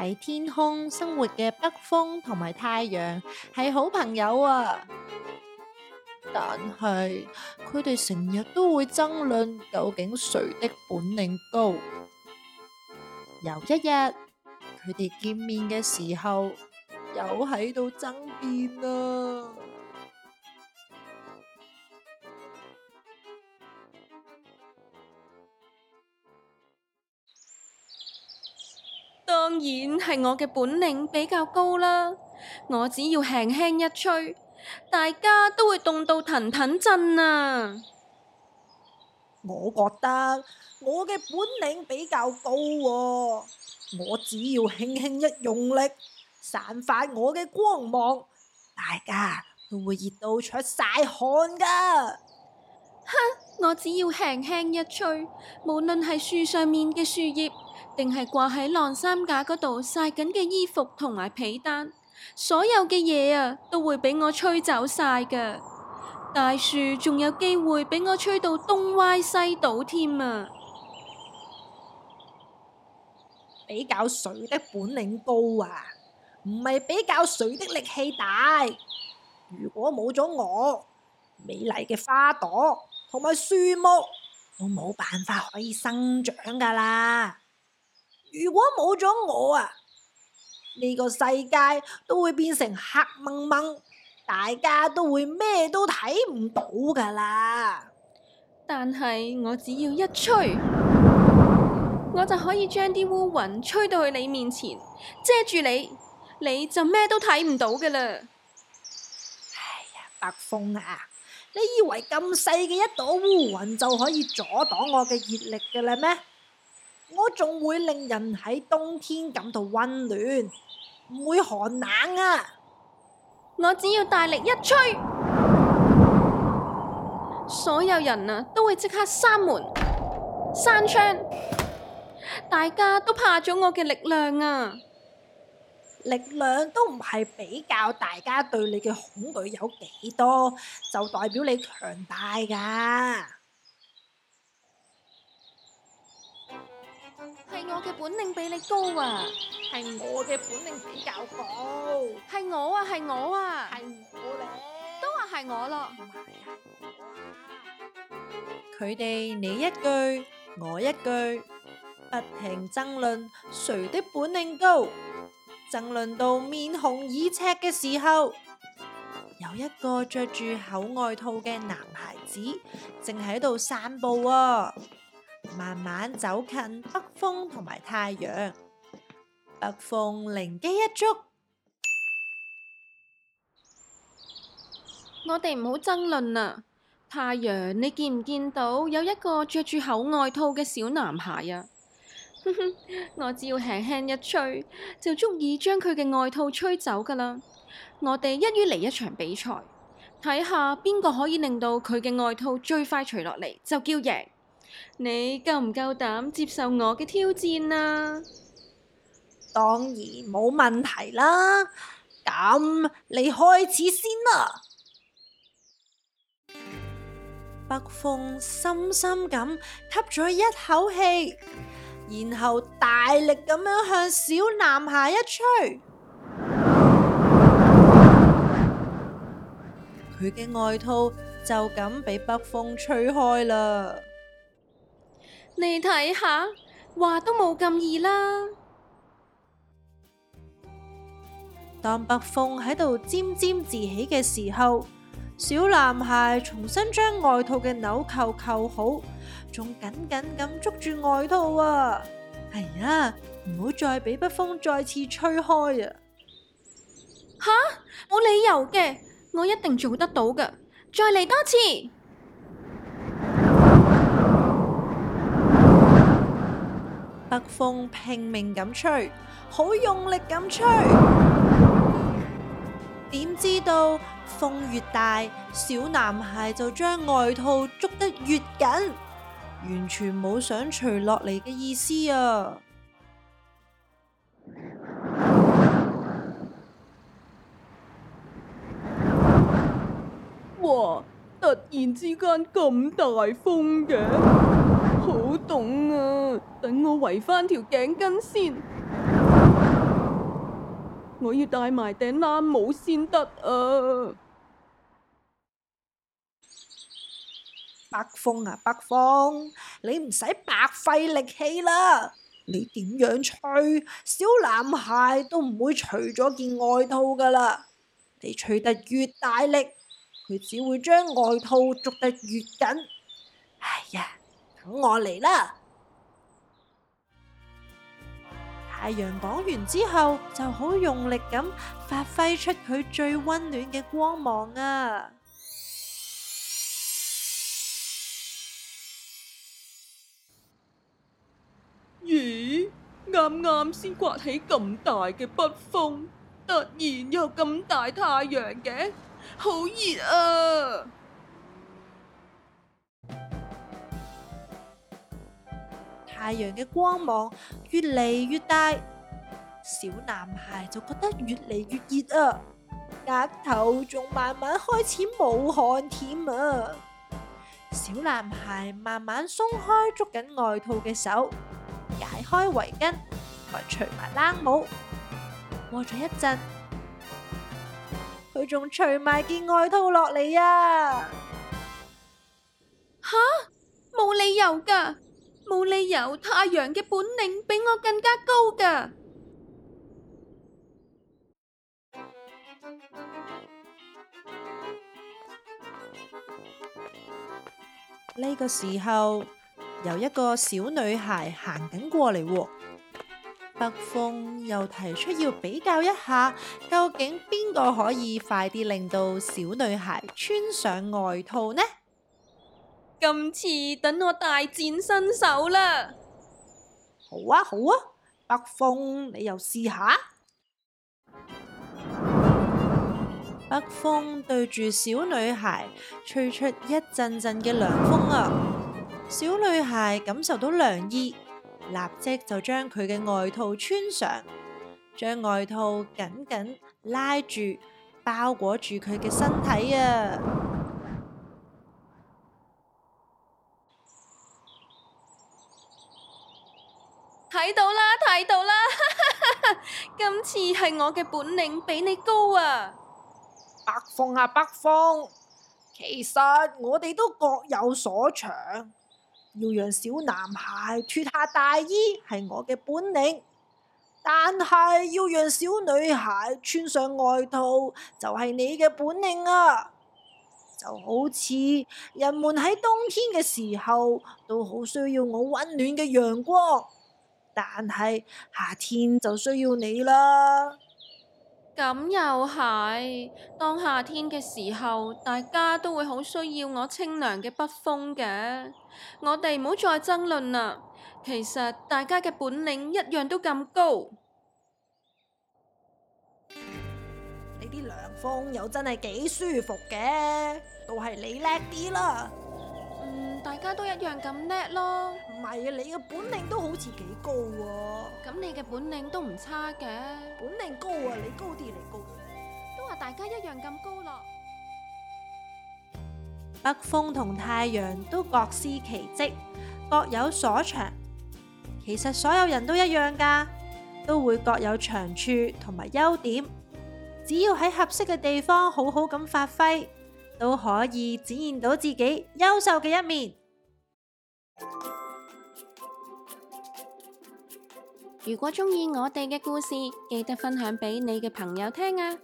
喺天空生活嘅北風同埋太陽係好朋友啊，但係佢哋成日都會爭論究竟誰的本領高。有一日，佢哋見面嘅時候，又喺度爭辯啊。當然係我嘅本領比較高啦，我只要輕輕一吹，大家都會凍到騰騰震啊！我覺得我嘅本領比較高喎、啊，我只要輕輕一用力，散發我嘅光芒，大家都會熱到出晒汗噶。哼，我只要輕輕一吹，無論係樹上面嘅樹葉。淨係掛喺晾衫架嗰度曬緊嘅衣服同埋被單，所有嘅嘢啊都會俾我吹走晒噶。大樹仲有機會俾我吹到東歪西倒添啊！比較誰的本領高啊？唔係比較誰的力氣大。如果冇咗我，美麗嘅花朵同埋樹木，都冇辦法可以生長噶啦。如果冇咗我啊，呢、這個世界都會變成黑掹掹，大家都會咩都睇唔到噶啦。但係我只要一吹，我就可以將啲烏雲吹到去你面前，遮住你，你就咩都睇唔到噶啦。哎呀，北風啊，你以為咁細嘅一朵烏雲就可以阻擋我嘅熱力噶啦咩？我仲會令人喺冬天感到温暖，唔會寒冷啊！我只要大力一吹，所有人啊都會即刻閂門、閂窗，大家都怕咗我嘅力量啊！力量都唔係比較大家對你嘅恐懼有幾多，就代表你強大噶。係我嘅本領比你高啊！係我嘅本領比較高。係我啊！係我啊！係我咧，都話係我咯。佢哋你一句我一句，不停爭論誰的本領高，爭論到面紅耳赤嘅時候，有一個着住厚外套嘅男孩子正喺度散步啊。慢慢走近北風同埋太陽，北風靈機一觸，我哋唔好爭論啦。太陽，你見唔見到有一個着住厚外套嘅小男孩啊？ 我只要輕輕一吹，就足以將佢嘅外套吹走噶啦。我哋一於嚟一場比賽，睇下邊個可以令到佢嘅外套最快除落嚟，就叫贏。你夠唔夠膽接受我嘅挑戰啊？當然冇問題啦！咁你開始先啦。北風深深咁吸咗一口氣，然後大力咁樣向小男孩一吹，佢嘅外套就咁被北風吹開啦。你睇下，話都冇咁易啦。當北風喺度沾沾自喜嘅時候，小男孩重新將外套嘅紐扣扣好，仲緊緊咁捉住外套啊。係啊，唔好再俾北風再次吹開啊。吓，冇理由嘅，我一定做得到噶，再嚟多次。北風拼命咁吹，好用力咁吹。點知道風越大，小男孩就將外套捉得越緊，完全冇想除落嚟嘅意思啊！嘩！突然之間咁大風嘅～好凍啊！等我圍返條頸巾先，我要戴埋頂冷帽先得啊！北風啊，北風，你唔使白費力氣啦！你點樣吹，小男孩都唔會除咗件外套噶啦！你吹得越大力，佢只會將外套捉得越緊。哎呀！我嚟啦！太陽講完之後，就好用力咁發揮出佢最溫暖嘅光芒啊！咦、欸，啱啱先刮起咁大嘅北風，突然又咁大太陽嘅，好熱啊！太陽嘅光芒越嚟越大，小男孩就覺得越嚟越熱啊，額頭仲慢慢開始冒汗添啊。小男孩慢慢鬆開捉緊外套嘅手，解開圍巾，同埋除埋冷帽。過咗一陣，佢仲除埋件外套落嚟啊！吓，冇理由㗎。冇理由，太陽嘅本領比我更加高㗎。呢個時候，有一個小女孩行緊過嚟，北風又提出要比較一下，究竟邊個可以快啲令到小女孩穿上外套呢？今次等我大展身手啦！好啊，好啊，北風你又試下。北風對住小女孩吹出一陣陣嘅涼風啊！小女孩感受到涼意，立即就將佢嘅外套穿上，將外套緊緊拉住，包裹住佢嘅身體啊！睇到啦，睇到啦！哈哈哈哈！今次係我嘅本領比你高啊！北風啊，北風，其實我哋都各有所長。要讓小男孩脱下大衣係我嘅本領，但係要讓小女孩穿上外套就係你嘅本領啊！就好似人們喺冬天嘅時候都好需要我溫暖嘅陽光。但係夏天就需要你啦，咁又係。當夏天嘅時候，大家都會好需要我清涼嘅北風嘅。我哋唔好再爭論啦。其實大家嘅本領一樣都咁高，你啲涼風又真係幾舒服嘅，都係你叻啲啦。嗯，大家都一樣咁叻咯。唔係啊，你嘅本領都好似幾高啊！咁你嘅本領都唔差嘅，本領高啊，你高啲嚟，高，都話大家一樣咁高咯。北風同太陽都各司其職，各有所長。其實所有人都一樣噶，都會各有長處同埋優點。只要喺合適嘅地方好好咁發揮，都可以展現到自己優秀嘅一面。如果鍾意我哋嘅故事，記得分享畀你嘅朋友聽啊！